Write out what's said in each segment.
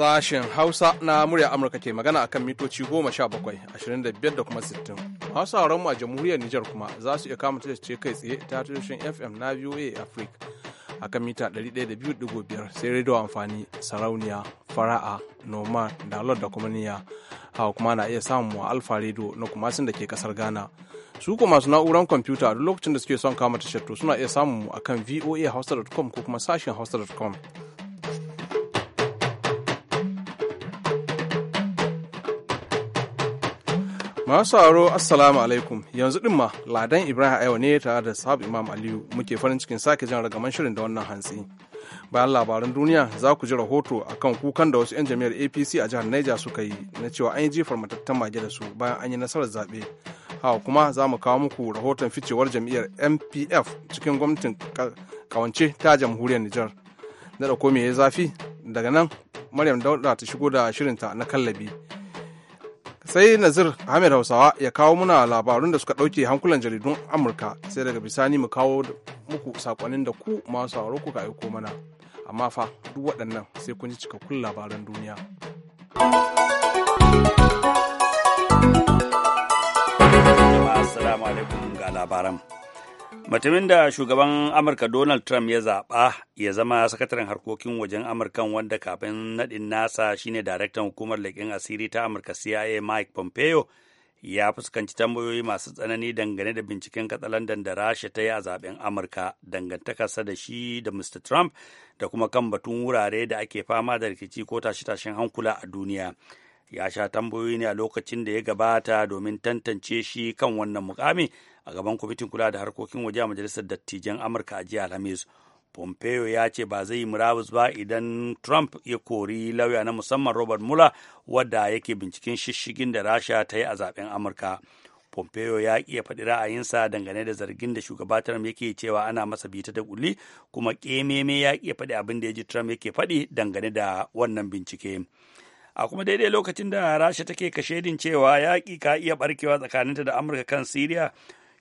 Sashen Hausa na murya Amurka ke magana akan mitoci goma sha bakwai, ashirin da biyar da kuma sittin. Hausa mu a jamhuriyar Nijar kuma za su iya kama ce kai tsaye ta tushen FM na VOA Africa a kan mita 102.5 sai radio amfani sarauniya fara'a noma lord da kuma niya hawa kuma na iya samun a alfa radio na kuma sun da ke kasar ghana su kuma masu na'uran kwamfuta duk lokacin da suke son kama tashar to suna iya samun mu akan voa hausa.com ko kuma sashen hausa.com Masu sauraro Assalamu alaikum yanzu din ma Ladan Ibrahim Ayo ne tare da sahab Imam Aliyu muke farin cikin sake jan ragaman shirin da wannan hantsi. Bayan labaran duniya za ku ji rahoto a kan kukan da wasu 'yan jami'ar APC a jihar Niger suka yi na cewa an yi jefar matattan mage da su bayan an yi nasarar zaɓe. Hawa kuma za mu kawo muku rahoton ficewar jam'iyyar MPF cikin gwamnatin kawance ta jamhuriyar Nijar. Na da me ya zafi daga nan Maryam Dauda ta shigo da shirinta na kallabi. sai nazir hamid hausawa ya kawo muna labarun da suka ɗauke hankulan jaridun amurka sai daga bisani mu kawo muku sakonnin da ku masu sauraro kuka aiko mana amma fa duk waɗannan sai kun ji cikakkun labaran duniya Assalamu alaikum ga labaran. mutumin da shugaban amurka donald trump ya zaɓa ya zama sakataren harkokin wajen amurkan wanda kafin naɗin nasa shine daraktan hukumar leƙen asiri ta amurka cia mike pompeo ya fuskanci tambayoyi masu tsanani dangane da binciken katsalandan da rasha ta yi a zaben amurka dangantakarsa da shi da mr trump da kuma kan batun wurare da ake fama da rikici ko tashe-tashen hankula a duniya ya sha tambayoyi ne a lokacin da ya gabata domin tantance shi kan wannan mukamin. a gaban kwamitin kula da harkokin waje a majalisar dattijan amurka a jiya alhamis pompeo ya ce ba zai yi murabus ba idan trump ya kori lauya na musamman robert mueller wadda yake binciken shishigin da rasha ta yi a zaben amurka Pompeo ya iya faɗi ra'ayinsa dangane da zargin da shugaba Trump yake cewa ana masa bita da kulli kuma kememe ya iya faɗi abin da ya ji Trump yake faɗi dangane da wannan bincike. A kuma daidai lokacin da Rasha take kashedin cewa yaƙi ka iya barkewa tsakaninta da Amurka kan Siriya,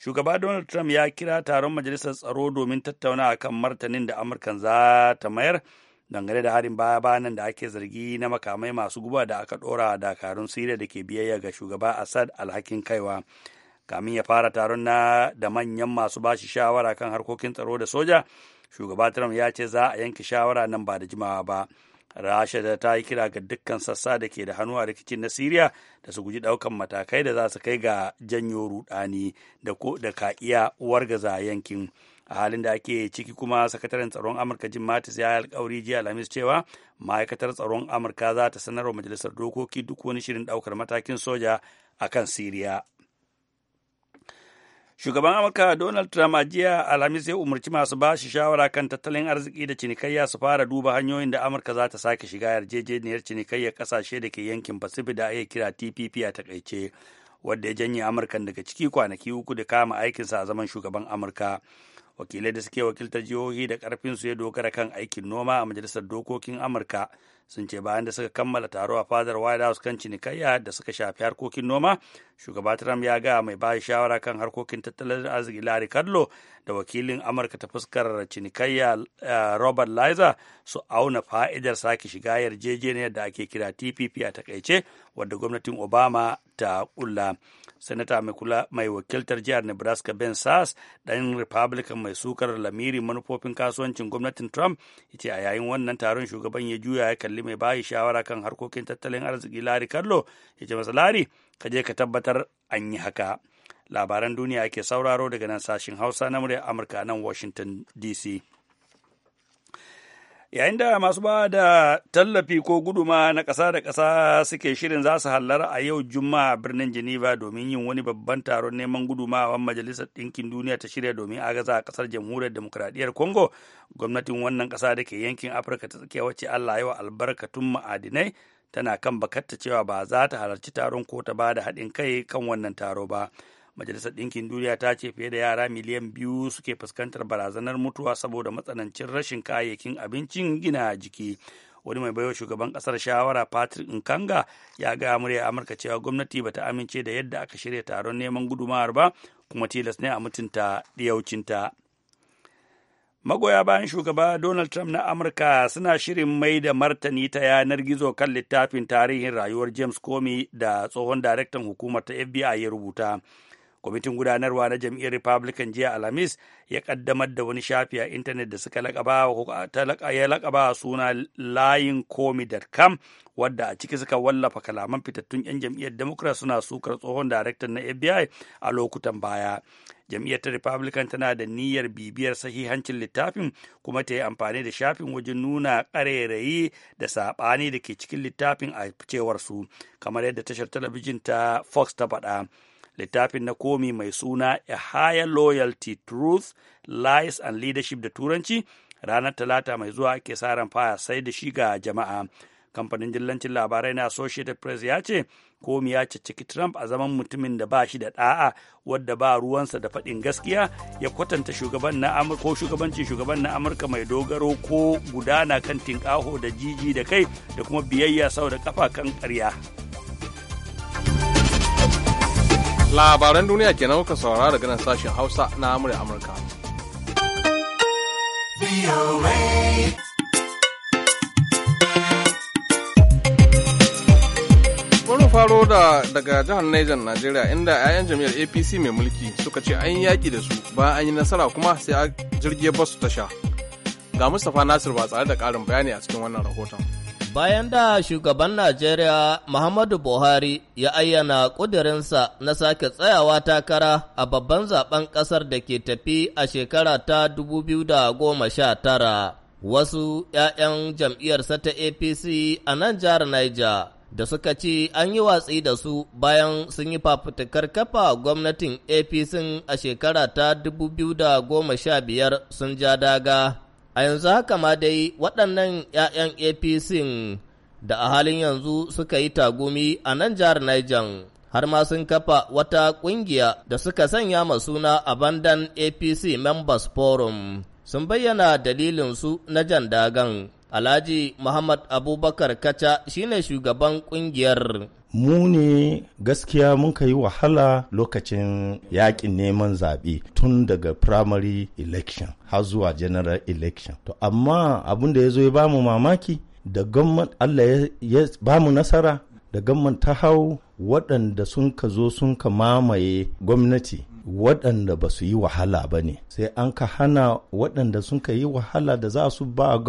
shugaba donald trump ya kira taron majalisar tsaro domin tattauna kan martanin da amurkan za ta mayar dangane da harin baya bayanan da ake zargi na makamai masu guba da aka dora dakarun siriya da ke biyayya ga shugaba assad alhakin kaiwa kamin ya fara taron na da manyan masu bashi shawara kan harkokin tsaro da soja shugaba trump ya ce za a yanke shawara nan ba da jimawa ba rasha da ta yi kira ga dukkan sassa da ke da hannu a rikicin na siriya da su guji daukan matakai da za su kai ga janyo rudani da ko da ka iya wargaza yankin a halin da ake ciki kuma sakataren tsaron amurka jim mattis ya yi alkawari jiya alhamis cewa ma'aikatar tsaron amurka za ta sanarwa majalisar dokoki duk wani shirin ɗaukar matakin soja a kan siriya Shugaban Amurka Donald Trump a jiya Alhamis ya umarci masu ba shi shawara kan tattalin arziki da cinikayya su fara duba hanyoyin da Amurka za ta sake shiga yarjejeniyar cinikayyar kasashe da ke yankin Pacific da ake kira TPP a takaice, wadda ya janye Amurkan daga ciki kwanaki uku da kama aikinsa a zaman shugaban Amurka. Wakilai da suke wakiltar jihohi da karfin su ya dogara kan aikin noma a Majalisar Dokokin Amurka sun ce bayan da suka kammala taro a fadar white house kan cinikayya da suka shafi harkokin noma shugaba trump ya gaya mai ba shawara kan harkokin tattalin arziki larry kudlow da wakilin amurka ta fuskar cinikayya eh, robert liza su auna fa'idar sake shiga yarjejeniyar da ake kira tpp a takaice wadda gwamnatin obama ta kulla sanata mai wakiltar jihar nebraska ben sass ɗan republican mai sukar lamiri manufofin kasuwancin gwamnatin trump ita a yayin wannan taron shugaban ya juya ya kalli mai bayi shawara kan harkokin tattalin arziki lari kallo ya ce masa lari ka je ka tabbatar an yi haka labaran duniya ake sauraro daga nan sashin hausa na murya amurka nan washington dc yayin da masu ba da tallafi ko guduma na kasa da kasa suke shirin za su hallara a yau juma'a birnin geneva domin yin wani babban taron neman gudumawan majalisar ɗinkin duniya ta shirya domin agaza a kasar jamhuriyar demokuraɗiyyar congo gwamnatin wannan kasa da ke yankin afirka ta tsakiya wacce allah yawa albarkatun ma'adinai tana kan bakatta cewa ba za ta halarci taron ko ta ba da haɗin kai kan wannan taro ba majalisar ɗinkin duniya ta ce fiye da yara miliyan biyu suke fuskantar barazanar mutuwa saboda matsanancin rashin kayayyakin abincin gina jiki wani mai baiwa shugaban ƙasar shawara patrick nkanga ya ga murya amurka cewa gwamnati bata amince da yadda aka shirya taron neman gudumawar ba kuma tilas ne a mutunta ɗiyaucinta. magoya bayan shugaba donald trump na amurka suna shirin mai da martani ta yanar gizo kan littafin tarihin rayuwar james comey da tsohon daraktan hukumar ta fbi ya rubuta kwamitin gudanarwa na jam'iyyar republican jiya alhamis ya kaddamar da wani shafi a intanet da suka lakaba suna layin komi.com wadda a ciki suka wallafa kalaman fitattun 'yan jam'iyyar democrat suna sukar tsohon daraktan na fbi a lokutan baya jam'iyyar ta republican tana da niyyar bibiyar sahihancin littafin kuma ta yi amfani da shafin wajen nuna ƙarerayi da saɓani da ke cikin littafin a cewar su kamar yadda tashar talabijin ta fox ta faɗa littafin na komi mai suna a higher loyalty truth lies and leadership da turanci ranar talata mai zuwa ke sa ran fara sai da shi ga jama'a kamfanin dillancin labarai na associated press ya ce komi ya ciki trump a zaman mutumin da ba shi da da'a wadda ba ruwansa da faɗin gaskiya ya kwatanta shugaban na amurka ko shugabancin shugaban na amurka mai dogaro ko gudana kan tinƙaho da jiji da kai da kuma biyayya sau da kafa kan ƙarya Labaran duniya kenan kuka saurara daga nan sashen Hausa na Amurka Amurka. Mun faro da daga jihar Niger Najeriya inda 'ya'yan jami'ar APC mai mulki suka ce an yaƙi da su bayan an yi nasara kuma sai a jirgin basu tasha. Ga Mustapha Nasir ba tsare da ƙarin bayani a cikin wannan rahoton. Bayan da shugaban Najeriya Muhammadu Buhari ya ayyana ƙudurinsa na sake tsayawa takara a babban zaben ƙasar da ke tafi a shekara ta 2019, wasu ‘ya'yan jam'iyyarsa ta APC a nan jihar Niger da suka ce an yi watsi da su bayan sun yi fafutukar kafa gwamnatin APC a shekara ta 2015 sun ja daga. A yanzu haka ma dai waɗannan 'ya'yan APC da a halin yanzu suka yi tagumi a nan jihar Niger har ma sun kafa wata ƙungiya da suka sanya ma suna bandan APC Members Forum sun bayyana dalilinsu na jan dagan. Alhaji Muhammad Abubakar Kacha shine shugaban ƙungiyar. mu ne gaskiya mun ka yi wahala lokacin yakin neman zaɓe tun daga primary election har zuwa general election to amma abin da ya zo ya ba mu mamaki da gwamnati allah ya ba mu nasara da gwamnati ta hau waɗanda sun ka zo sun ka mamaye gwamnati waɗanda ba su yi wahala ba ne sai an ka hana waɗanda sun ka yi wahala da za su ba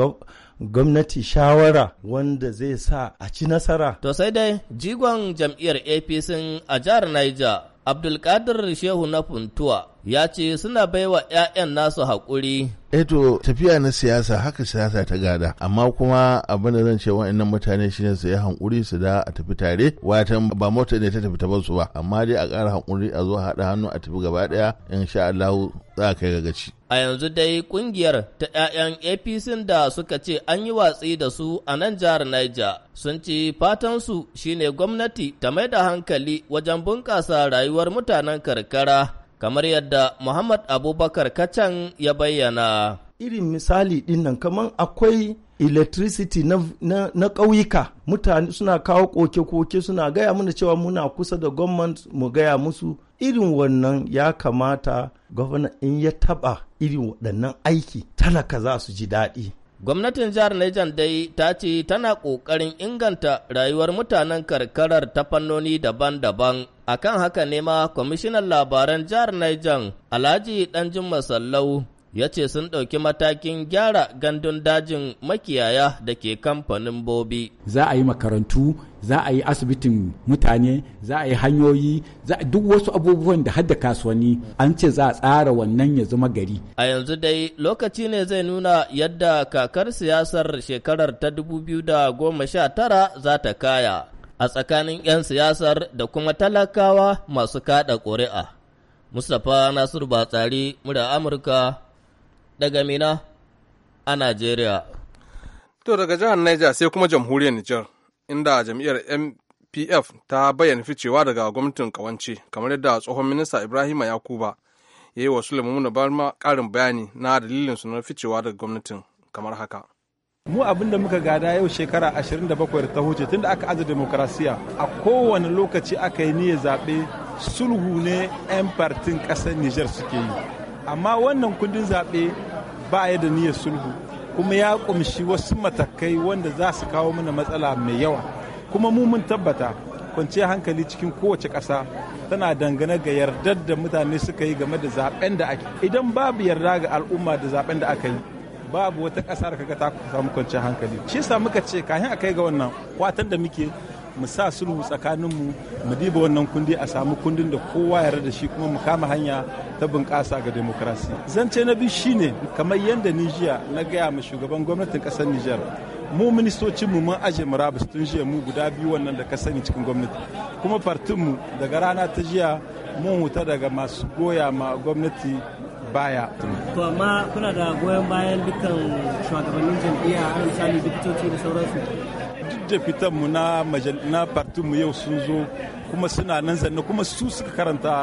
gwamnati shawara wanda zai sa a ci nasara. To sai dai jigon jam'iyyar APC a jihar Niger Abdulkadir Shehu na Funtuwa ya ce suna baiwa 'ya'yan nasu haƙuri. Eto eh tafiya na siyasa haka siyasa ta gada amma kuma abin da zan ce wa'annan mutane shine su yi hankuri su da a tafi tare watan ba mota ne ta tafi ta su ba amma dai a ƙara hankuri a zo haɗa hannu a tafi gaba ɗaya sha Allah za a kai gaci. A yanzu dai kungiyar ta 'ya'yan APC da suka ce an yi watsi da su a nan jihar Niger sun ce su shine gwamnati ta mai da hankali wajen bunƙasa rayuwar mutanen karkara kamar yadda Muhammad Abubakar Kacan ya bayyana. Irin misali dinnan kamar akwai electricity na, ƙauyuka mutane suna kawo koke-koke suna gaya mana cewa muna kusa da gwamnati mu gaya musu irin wannan ya kamata gwamna in ya taɓa irin waɗannan aiki talaka za su ji daɗi gwamnatin jihar Niger dai ta ce tana ƙoƙarin inganta rayuwar mutanen karkarar ta fannoni daban-daban A kan haka ne ma kwamishinan labaran jihar Niger Alhaji Danjin Masallau ya ce sun ɗauki matakin gyara gandun dajin makiyaya da ke kamfanin bobi. Za a yi makarantu, za a yi asibitin mutane, za a yi hanyoyi, za a duk wasu abubuwan da hadda kasuwanni an ce za a tsara wannan ya zama gari. A yanzu dai lokaci ne zai nuna yadda kakar siyasar shekarar ta 2019 za ta kaya. a tsakanin 'yan siyasar da kuma talakawa masu kaɗa ƙuri'a. Mustapha Nasiru Batsari, mura Amurka, daga Mina a Najeriya. To daga jihar Niger sai kuma jamhuriyar Nijar, inda jam'iyyar MPF ta bayyana ficewa daga gwamnatin kawance, kamar yadda tsohon minista ibrahim Yakuba ya yi wa Suleiman Barma karin bayani na dalilin su na ficewa daga gwamnatin kamar haka. mu abin da muka gada yau shekara 27 ta huce da aka aza demokrasiya a kowane lokaci aka yi niyyar zaɓe sulhu ne 'yan fartin ƙasar nijar suke yi amma wannan kundin zaɓe ba ya da niyyar sulhu kuma ya ƙumshi wasu matakai wanda za su kawo mana matsala mai yawa kuma mu mun tabbata kwanciyar hankali cikin kowace ƙasa tana dangane ga yardar da mutane suka yi game da zaɓen da ake idan babu yarda ga al'umma da zaɓen da aka yi babu wata ƙasa da kaga ta samu kwanciyar hankali shi yasa muka ce kafin a kai ga wannan watan da muke mu sa sulhu tsakaninmu mu diba wannan kundi a samu kundin da kowa yarda da shi kuma mu kama hanya ta bunƙasa ga demokrasi zance na biyu shine kamar yadda nijiya na gaya ma shugaban gwamnatin kasar nijar mu ministocinmu mun aje murabus tun jiya mu guda biyu wannan da ka sani cikin gwamnati kuma mu daga rana ta jiya mun huta daga masu goya ma gwamnati baya. To amma kuna da goyon bayan dukkan shugabannin jam'iyya a misali likitoci da sauransu. Duk da fitan mu na na partin mu yau sun zo kuma suna nan zanne kuma su suka karanta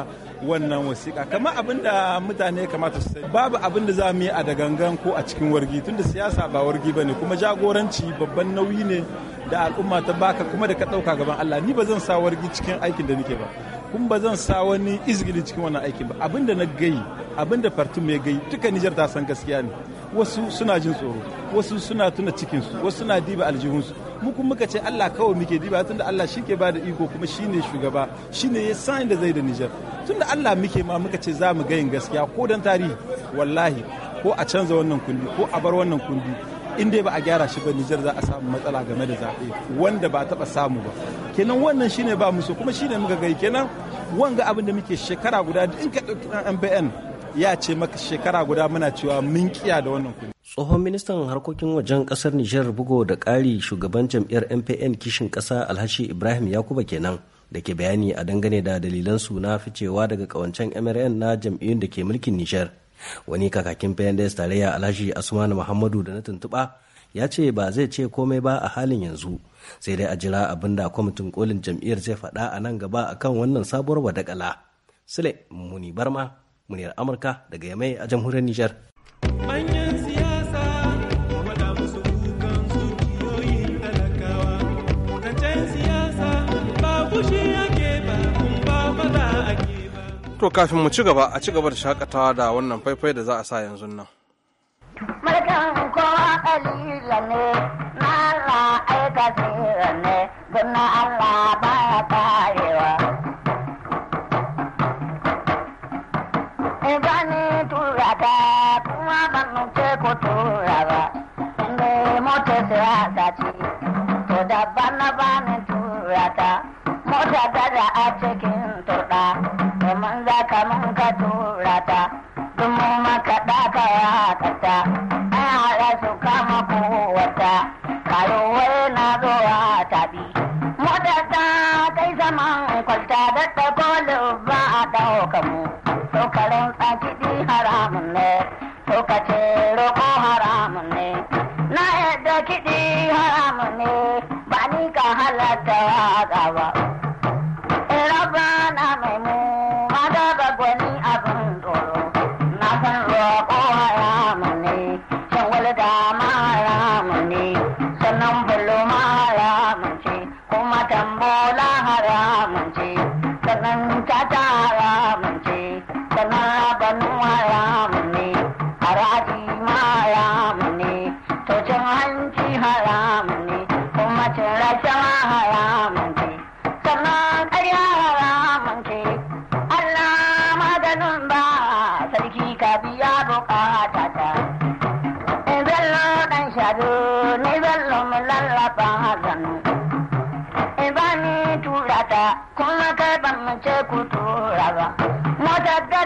wannan wasiƙa kamar abin da mutane kamata su sani babu abin da za mu yi a da gangan ko a cikin wargi tunda siyasa ba wargi bane kuma jagoranci babban nauyi ne da al'umma ta baka kuma da ka ɗauka gaban Allah ni ba zan sa wargi cikin aikin da nake ba kun ba zan sa wani izgili cikin wannan aikin ba abin da na gai abinda fartum ya gai duka Nijar ta san gaskiya ne wasu suna jin tsoro wasu suna tuna cikinsu wasu suna diba aljihunsu mu kuma muka ce Allah kawai muke diba tunda Allah shi ba da iko kuma shi ne shugaba shi ne ya san da zai da Nijar tunda Allah muke ma muka ce za mu gayin gaskiya ko dan tarihi wallahi ko a canza wannan kundi ko a bar wannan kundi in dai ba a gyara shi ba Nijar za a samu matsala game da zaɓe wanda ba taɓa samu ba kenan wannan shine ba musu kuma shine muka gai kenan wanga abin da muke shekara guda in ka ɗauki ɗan MBN ya ce maka shekara guda muna cewa mun kiya da wannan kuɗi. tsohon ministan harkokin wajen kasar nijar bugo da ƙari shugaban jam'iyyar mpn kishin kasa alhashi ibrahim yakuba kenan da ke bayani a dangane da dalilan su na ficewa daga kawancen mrn na jam'iyyun da ke mulkin nijar wani kakakin pnds tarayya alhaji asmanu muhammadu da na tuntuɓa ya ce ba zai ce komai ba a halin yanzu sai dai a jira abin da kwamitin kolin jam'iyyar zai faɗa a nan gaba akan wannan sabuwar wadakala sule muni barma muniyar amurka daga yamai a jamhuriyar nijar to kafin mu ci gaba a ci gaba da shakatawa da wannan faifai da za a sa yanzu nan. Mulkin ko ne, na ne, Allah ba ya பட்டாத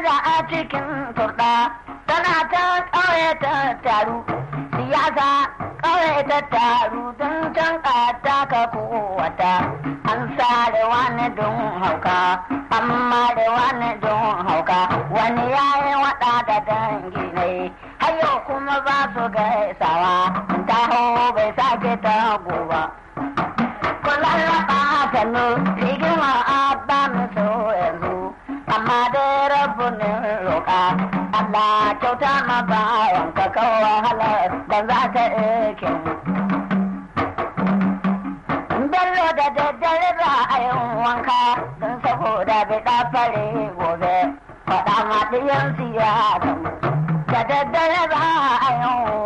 daraja a cikin turɗa tana can ƙauye ta taru siyasa ƙauye ta taru don can ƙata ka kowata an sa da wani don hauka amma da wani don hauka wani ya yi waɗa da dangi ne hayo kuma ba su gaisawa taho bai sake ta goba. daddare ba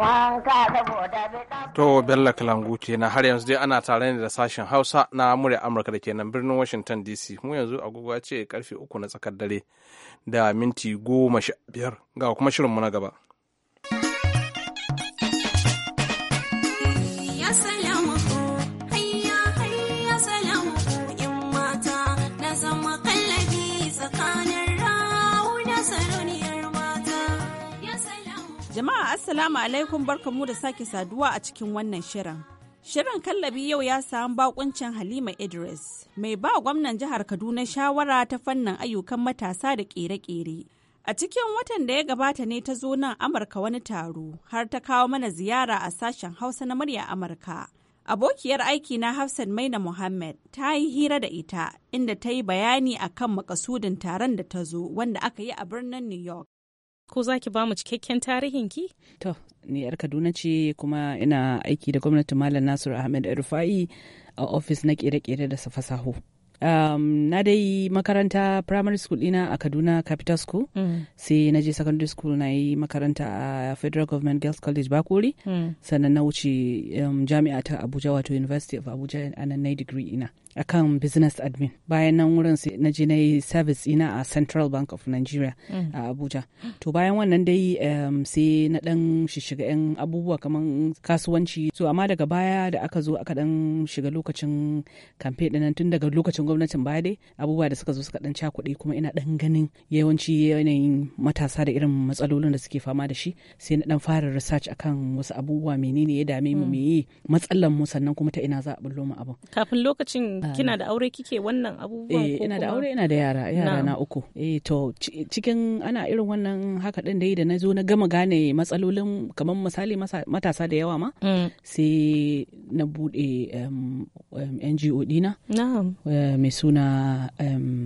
a To Bello Kalangu kenan har yanzu dai ana tare ne da sashen Hausa na murya Amurka da kenan birnin Washington DC. Mu yanzu agogo ce karfe uku na tsakar dare da minti goma sha biyar ga kuma shirinmu na gaba. Assalamu alaikum barkamu da sake saduwa a cikin wannan shirin. Shirin kallabi yau ya samu bakuncin Halima Idris, mai ba gwamnan jihar Kaduna shawara ta fannin ayyukan matasa da ƙere kere A cikin watan da ya gabata ne ta zo nan Amurka wani taro, har ta kawo mana ziyara a sashen Hausa na murya Amurka. Abokiyar aiki na Hafsat Maina Muhammad ta yi hira da ita, inda ta yi bayani akan makasudin taron da ta zo wanda aka yi a birnin New York. Ko za ki ba mu cikakken tarihin ki? To, ni yar Kaduna ce kuma ina aiki da gwamnati Malam Nasir Ahmed Rufai a ofis na kere-kere da fasaho. Um, na dai makaranta primary school ina a Kaduna Capital School, mm. sai na je secondary school na yi makaranta a Federal Government Girls College Bakuri, mm. sannan na wuce um, jami'a ta Abuja wato University of Abuja a nan na degree ina. akan business admin bayan nan wurin na je na yi service ina a central bank of nigeria mm. a abuja to bayan wannan dai sai na dan shiga yan abubuwa kamar kasuwanci so amma daga baya da aka zo aka dan shiga lokacin campaign dinan tun daga lokacin gwamnatin baya dai abubuwa da suka zo suka dan cakuɗe kuma ina dan ganin yawanci yanayin matasa da irin matsalolin da suke fama da shi sai na dan fara research akan wasu abubuwa menene ya dame mu mm. meye matsalan mu sannan kuma ta ina za a bullo mu abu. kafin lokacin kina da aure kike wannan abubuwan eh ina da aure ina da yara yara na uku eh to cikin ana irin wannan haka din da yi da na zo na gama gane matsalolin kamar misali matasa da yawa ma mm. sai na bude NGO dina eh, mai suna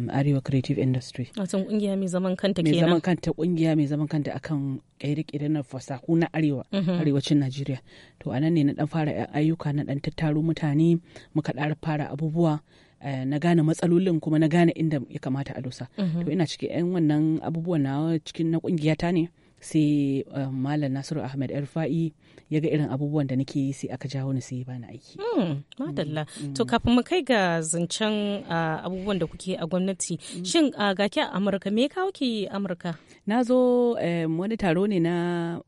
Arewa Creative Industry watan kungiya mai zaman kanta kenan mai zaman kanta kungiya mai zaman kanta akan kaire-kaire na fasahu na arewa mm-hmm. arewacin Najeriya to anan ne na dan fara ayyuka na dan tattaro mutane muka fara abubuwa abubuwa Uh, eh, na gane matsalolin kuma na gane inda ya kamata a dosa. Mm-hmm. To ina ciki yan wannan abubuwan na cikin na kungiyata ne sai um, malam nasiru ahmed erfa'i ya ga irin abubuwan da nake yi sai aka jawo ni sai bani aiki hmm, madalla to kafin mu kai ga zancen uh, abubuwan da kuke a gwamnati mm. shin uh, ga ki a amurka me kawo ki amurka na zo um, wani taro ne na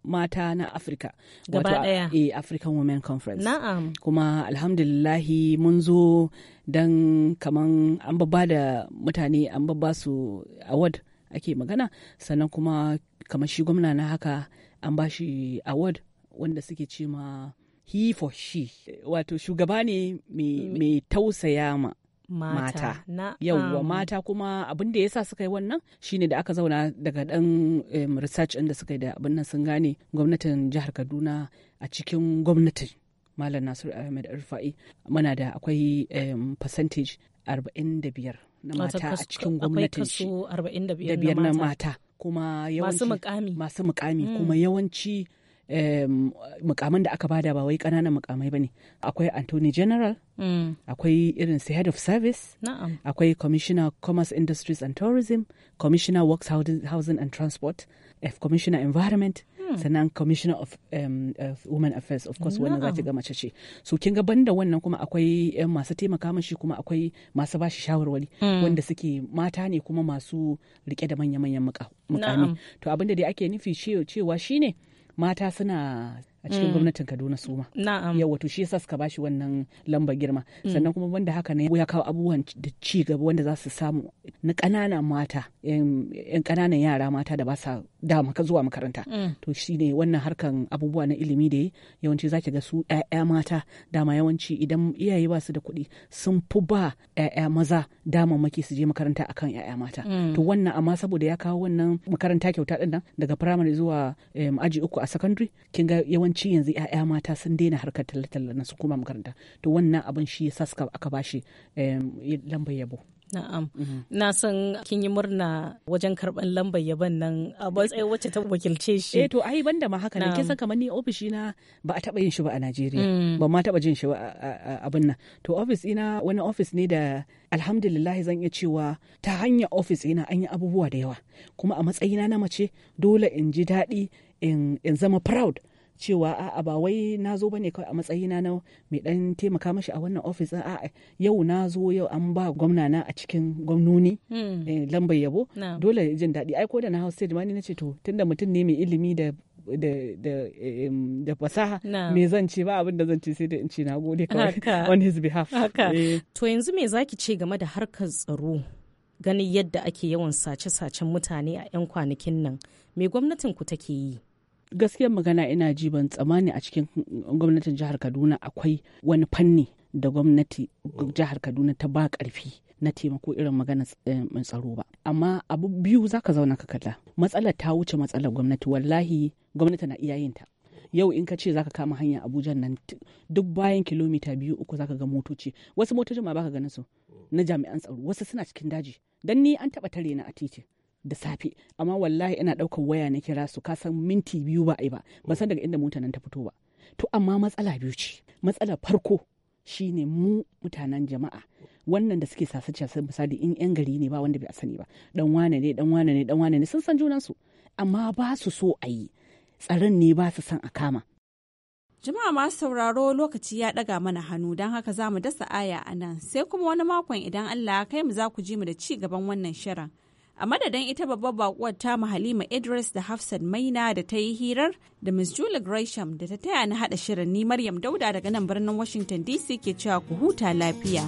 mata na afirka gaba daya eh, african women conference na'am kuma alhamdulillahi mun zo don kaman an babba da mutane an babba su award ake magana sannan kuma kamar shi gwamna na haka an ba shi award wanda suke ce ma he for she wato shugaba ne mai mm. tausaya ma mata, yauwa mata kuma abin da sa suka yi wannan shine da aka zauna daga dan research inda suka yi da abin nan sun gane gwamnatin jihar kaduna a cikin gwamnatin malam nasiru ahmed rufa'i mana da akwai arba'in percentage 45 na mata a cikin gwamnatin shi da biyar na mata kuma yawanci masu mukami mm. kuma yawanci mukamin da aka bada ba wai kananan mukamai bane akwai attorney general mm. akwai irin su head of service akwai commissioner commerce industries and tourism commissioner works housing and transport F commissioner environment Hmm. sannan commissioner of, um, of women affairs of course wannan za ta ga mace ce so kin ga banda wannan kuma akwai eh, masu taimaka shi kuma akwai masu bashi shawarwari hmm. wanda suke mata ne kuma masu rike da manya-manyan mukami to abinda dai ake nufi cewa shine mata suna a cikin mm. gwamnatin Kaduna suma. ma. Na'am. Yawa to shi yasa suka bashi wannan lamba girma. Mm. Sannan kuma banda haka ne ya kawo abubuwan da ci gaba wanda za su samu na kanana mata, yan ƙananan yara mata da ba sa da maka zuwa makaranta. Mm. To shi ne wannan harkan abubuwa na ilimi da yawanci zaki ga su ƴaƴa mata dama yawanci idan iyaye ba su da kuɗi sun fi ba ƴaƴa maza maki su je makaranta akan ƴaƴa mata. To wannan amma saboda ya kawo wannan makaranta kyauta ɗin daga firamare zuwa aji uku a secondary kin ga yawanci yawanci yanzu 'ya'ya mata sun daina harkar talle-talle na su koma makaranta to wannan abin shi ya saska aka bashi lambar yabo Na'am. Mhm. Na san kin yi murna wajen karban lambar yaban nan a matsayin wacce ta wakilce shi. Eh to ai banda ma haka ne kin san kamar ni ofishi na ba a taba yin shi ba a Najeriya. Mm. Ba ma taba jin shi ba abin nan. To office ina wani office ne da alhamdulillah zan iya cewa ta hanyar office ina an yi abubuwa da yawa. Kuma a matsayina na mace dole in ji daɗi in zama proud cewa a'a ba wai na zo bane kawai a matsayina na mai dan taimaka mashi a wannan ofis a yau na zo yau an ba gwamna na a cikin gwamnoni hmm. eh, lambar yabo dole jin daɗi ai ko da na hausa stage ma ni nace to tunda mutum ne mai ilimi da da fasaha me zan ce ba abin da zan ce sai da in ce na gode kawai on his behalf eh. to yanzu me zaki ce game da harkar tsaro ganin yadda ake yawan sace-sacen mutane a 'yan kwanakin nan me gwamnatin ku take yi gaskiyar magana ina ji ban tsammani a cikin gwamnatin jihar kaduna akwai wani fanni da gwamnati jihar kaduna ta ba karfi na taimako irin magana eh, tsaro ba amma abu biyu za ka zauna ka kalla matsalar ta wuce matsalar gwamnati wallahi gwamnati na iya yin ta yau in ka ce zaka kama hanya abuja nan duk bayan kilomita biyu uku zaka ga motoci wasu motocin ma baka ganin su na jami'an tsaro wasu suna cikin daji dan ni an taba tare na a titi da safe amma wallahi ina daukan waya na kira su kasan minti biyu ba a yi ba ba san daga inda mota nan ta fito ba to amma matsala biyu ce matsala farko shine mu mutanen jama'a wannan da suke sasace misali in yan gari ne ba wanda bai sani ba dan wane ne dan wane ne dan wane ne sun san su amma ba su so a yi tsaron ne ba su san a kama Jama'a ma sauraro lokaci ya daga mana hannu don haka za mu dasa aya a nan sai kuma wani makon idan Allah ya kai mu za ku ji mu da ci gaban wannan shirin. a madadin ita babbar bakuwar ma halima idris da hafsat maina da ta yi hirar da Ms. julie gresham da ta taya ni hada shirin ni maryam dauda daga nan birnin washington dc ke cewa ku huta lafiya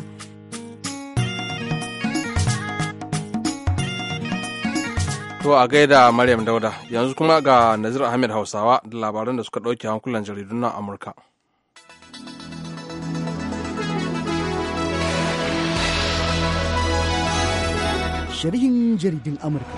to a gaida maryam dauda yanzu kuma ga nazir ahmed hausawa da labaran da suka ɗauke hankulan jaridun nan amurka sharhin jaridin Amurka.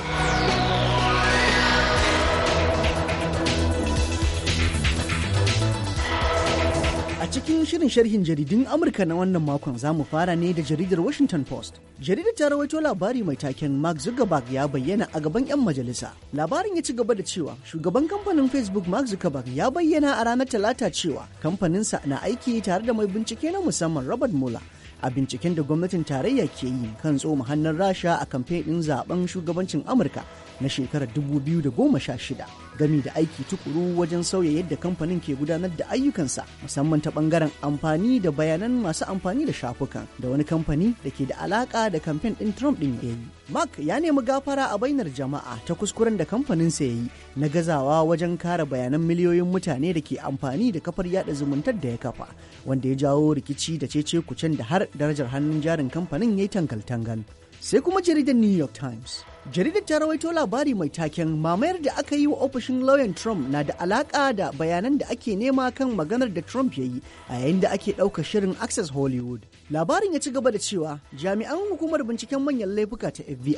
A cikin shirin sharhin jaridun Amurka na wannan makon za mu fara ne da jaridar Washington Post. Jaridar ta rawaito labari mai taken Mark Zuckerberg ya bayyana a gaban 'yan majalisa. Labarin ya ci gaba da cewa shugaban kamfanin Facebook Mark Zuckerberg ya bayyana a ranar Talata cewa kamfaninsa na aiki tare da mai bincike na musamman Robert Mueller a binciken da gwamnatin tarayya ke yi kan tsoma hannun rasha a kamfe ɗin zaben shugabancin amurka na shekarar 2016 gami da aiki tukuru wajen sauya yadda kamfanin ke gudanar da ayyukansa musamman ta bangaren amfani da bayanan masu amfani da shafukan da wani kamfani da ke da alaka da kamfen din Trump din ya yi. Mark ya nemi gafara a bainar jama'a ta kuskuren da kamfanin sa ya yi na gazawa wajen kare bayanan miliyoyin mutane da ke amfani da kafar yada zumuntar da ya kafa wanda ya jawo rikici da cece kucen da har darajar hannun jarin kamfanin ya yi tangal-tangal. Sai kuma jaridar New York Times jaridar ta rawaito labari mai taken mamayar da aka yi wa ofishin lauyan trump na da alaka da bayanan da ake nema kan maganar da trump ya yi a yayin da ake ɗauka shirin access hollywood labarin ya ci gaba da cewa jami'an hukumar binciken manyan laifuka ta fbi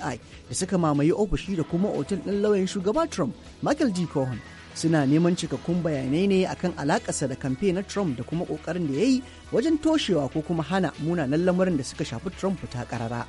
da suka mamaye ofishi da kuma otel ɗin lauyan shugaba trump michael d cohen suna neman cikakkun bayanai ne akan alakarsa da kamfe na trump da kuma ƙoƙarin da ya yi wajen toshewa ko kuma hana munanan lamarin da suka shafi trump ta ƙarara.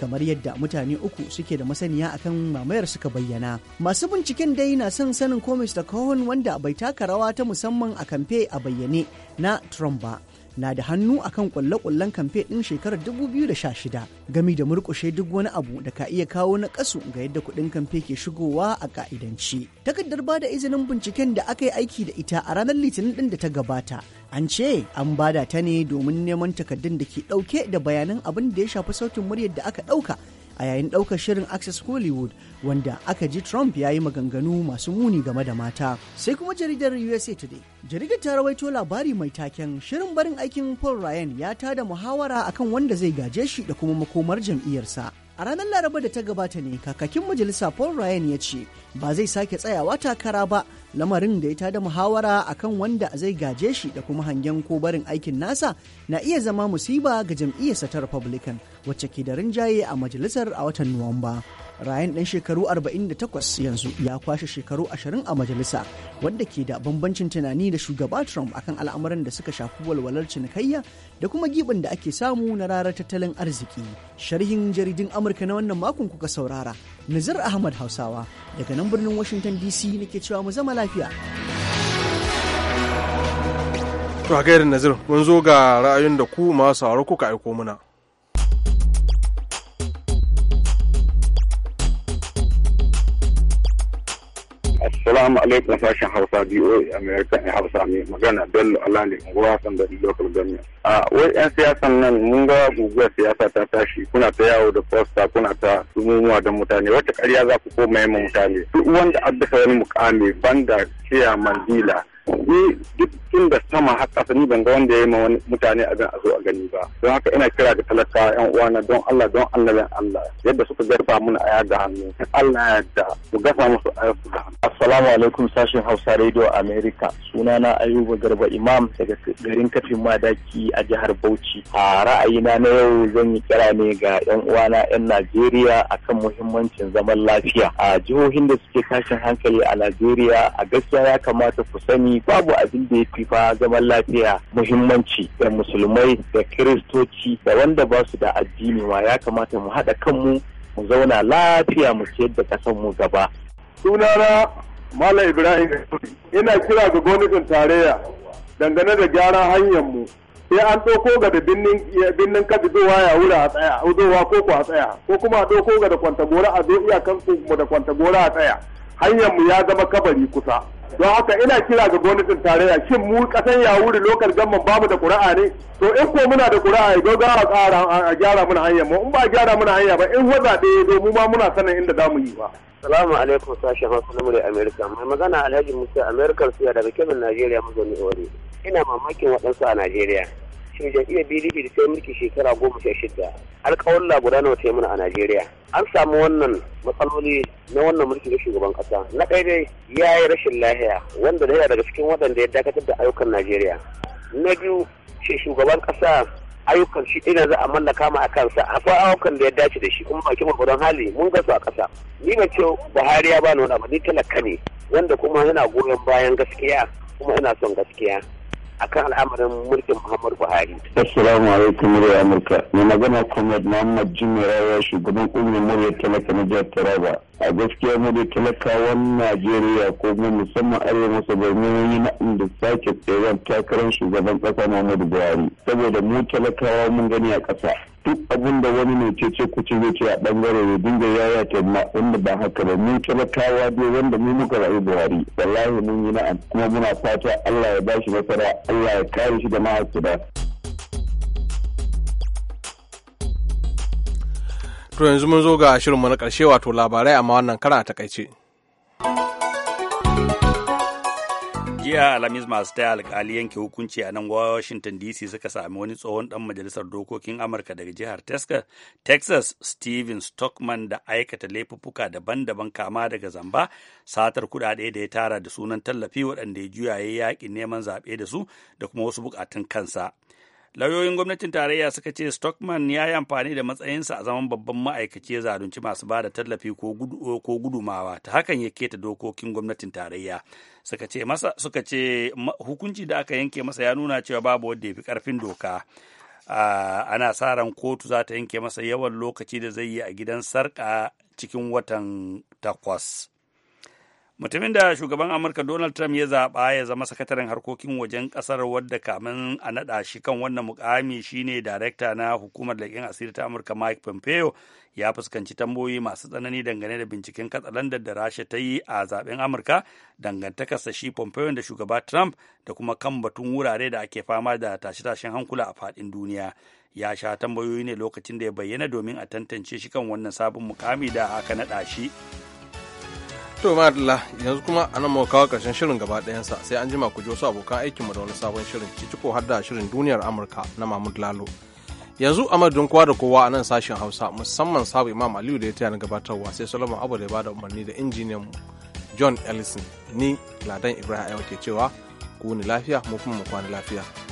kamar yadda mutane uku suke da masaniya akan mamayar suka bayyana masu binciken dai na son sanin ko mr cohen wanda bai taka rawa ta musamman a kamfe a bayyane na trump ba na da hannu akan kulle-kullen kamfe ɗin shekarar 2016 gami da murkushe duk wani abu da ka iya kawo na kasu ga yadda kuɗin kamfe ke shigowa a ka'idanci. Takardar ba da izinin binciken da aka yi aiki da ita a ranar Litinin ɗin da ta gabata an ce an bada ta ne domin neman takardun da ke ɗauke da bayanan abin da ya shafi sautin muryar da aka ɗauka a yayin ɗaukar shirin Access Hollywood wanda aka ji Trump ya yi maganganu masu muni game da mata. Sai kuma jaridar USA Today. Jaridar ta rawaito labari mai taken shirin barin aikin Paul Ryan ya tada muhawara akan wanda zai gaje shi da kuma makomar jam'iyyarsa. A ranar Laraba da ta gabata ne kakakin majalisa Paul Ryan ya ce ba zai sake tsayawa takara ba lamarin da ya tada muhawara akan wanda zai gaje shi da kuma hangen ko barin aikin nasa na iya zama musiba ga jam'iyyarsa ta Republican wacce ke da rinjaye a majalisar a watan Nuwamba. rayan ɗan shekaru 48 yanzu ya kwashe shekaru 20 a majalisa wanda ke da bambancin tunani da shugaba Trump akan al'amuran da suka shafi walwalar cinikayya da kuma giɓin da ake samu na rarar tattalin arziki. Sharhin jaridin Amurka na wannan makon kuka saurara. Nazar Ahmad Hausawa daga nan birnin Washington DC nake cewa mu zama lafiya. To a gairin Nazir, mun zo ga ra'ayin da ku masu sauraro kuka aiko mana. Salamu alaikum sashen Hausa DOA America in Hausa ne magana Bello Alani unguwa san da local government. A wai 'yan siyasan nan mun ga guguwar siyasa ta tashi kuna ta yawo da posta kuna ta sumumuwa da mutane wata karya za ku koma yamma mutane. Duk wanda addasa wani mukami banda ciyaman mandila ni duk tun da sama har ƙasa ni ban ga wanda ya yi ma wani mutane abin a zo a gani ba don haka ina kira ga talaka yan uwana don Allah don annabin Allah yadda suka garba mun aya da hannu Allah ya yarda mu gafa musu aya su da assalamu alaikum sashin Hausa Radio America sunana Ayuba Garba Imam daga garin Kafin Madaki a jihar Bauchi a ra'ayina na yau zan yi kira ne ga yan uwana yan Najeriya akan muhimmancin zaman lafiya a jihohin da suke tashin hankali a Najeriya a gaskiya ya kamata ku sani babu abin da ya fi fa zaman lafiya muhimmanci da musulmai da kiristoci da wanda ba su da addini ma ya kamata mu haɗa kanmu mu zauna lafiya mu ciyar da ƙasar mu gaba. sunana malam ibrahim ina kira ga gwamnatin tarayya dangane da gyaran hanyar mu sai an ɗauko ga da binnin kaji zuwa ya wuri a tsaya zuwa ko a tsaya ko kuma a ɗauko ga da kwantagora a zo iyakan mu da kwantagora a tsaya hanyar mu ya zama kabari kusa don haka ina kira ga gwamnatin tarayya shin mu kasan wuri lokal gamman bamu da ƙuri'a ne to in ko muna da ƙuri'a ya a tsara a gyara mana hanyar mu in ba a gyara mana hanya ba in waza ɗaya do mu ma muna sanin inda za mu yi ba. Salamu alaikum sashi Hausa na Murya Amerika. Mai magana Alhaji Musa Amerikar Suya daga Kebbi Najeriya mazauni Ori Ina mamakin waɗansu a Najeriya. mulki jam'iyyar PDP da sai mulki shekara goma sha shida alƙawalla guda nawa ta mana a Najeriya an samu wannan matsaloli na wannan mulki na shugaban kasa na ɗaya dai ya yi rashin lahiya wanda da daga cikin waɗanda ya dakatar da ayyukan Najeriya na biyu shi shugaban kasa ayyukan shi ina za a mallaka ma a kansa akwai ayyukan da ya dace da shi kuma bakin gwargwadon hali mun ga su a kasa ni ba ce Buhari ya bani wani abu ni talaka ne wanda kuma yana goyon bayan gaskiya kuma ina son gaskiya akan al'amarin mulkin Muhammadu Buhari. Assalamu alaikum murya Amurka. Mai magana Comrade Muhammad Jimmy Rawa shugaban ƙungiyar murya talaka na jihar Taraba. A gaskiya murya talakawan Najeriya ko mu musamman arewa masa birnin yi na inda sake tseren takarar shugaban ƙasa Muhammadu Buhari. Saboda mu talakawa mun gani a ƙasa. duk abin da wani mai cece kuce zai ce a bangare ya dinga yaya ma wanda ba haka ba mu talakawa dai wanda mu muka rayu buhari wallahi mun yi na'am kuma muna fata allah ya bashi nasara allah ya kare shi da mahasira. to yanzu mun zo ga shirinmu na karshe wato labarai amma wannan kara a takaice. jiya alhamis masu taya alkali yanke hukunci a nan washington dc suka sami wani tsohon dan majalisar dokokin amurka daga jihar texas steven stockman da aikata laifuffuka daban-daban kama daga zamba satar kudade da ya tara da sunan tallafi waɗanda ya juya ya yaƙi neman zaɓe da su da kuma wasu bukatun kansa lauyoyin gwamnatin tarayya suka ce stockman ya yi amfani da matsayinsa a zaman babban ma'aikaci ya zalunci masu ba da tallafi ko gudumawa ta hakan ya keta dokokin gwamnatin tarayya suka ce masa suka ce hukunci da aka yanke masa ya nuna cewa babu wanda ya fi karfin doka ana sa ran kotu za ta yanke masa yawan lokaci da zai yi a gidan sarƙa cikin watan takwas mutumin da shugaban amurka donald trump ya zaɓa ya zama sakataren harkokin wajen ƙasar wadda kamin a naɗa shi kan wannan mukami shine darekta na hukumar leƙen asiri ta amurka mike pompeo ya fuskanci tambayoyi masu tsanani dangane da binciken katsalandar da rasha ta yi a zaɓen amurka dangantakarsa shi pompeo da shugaba trump da kuma kan batun wurare da ake fama da tashe-tashen hankula a faɗin duniya ya sha tambayoyi ne lokacin da ya bayyana domin a tantance shi kan wannan sabon mukami da aka naɗa shi To madalla yanzu kuma a nan kawo karshen shirin gaba sa sai an jima ku ji wasu abokan aikinmu da wani sabon shirin ci ko har da shirin duniyar Amurka na Mahmud Lalo. Yanzu a madadin kowa da kowa a nan sashen Hausa musamman sabu Imam Aliyu da ya taya na gabatarwa sai Solomon Abu da ya bada umarni da injiniyan mu John Ellison ni Ladan Ibrahim Ayo ke cewa ku ni lafiya mu kuma mu kwani lafiya.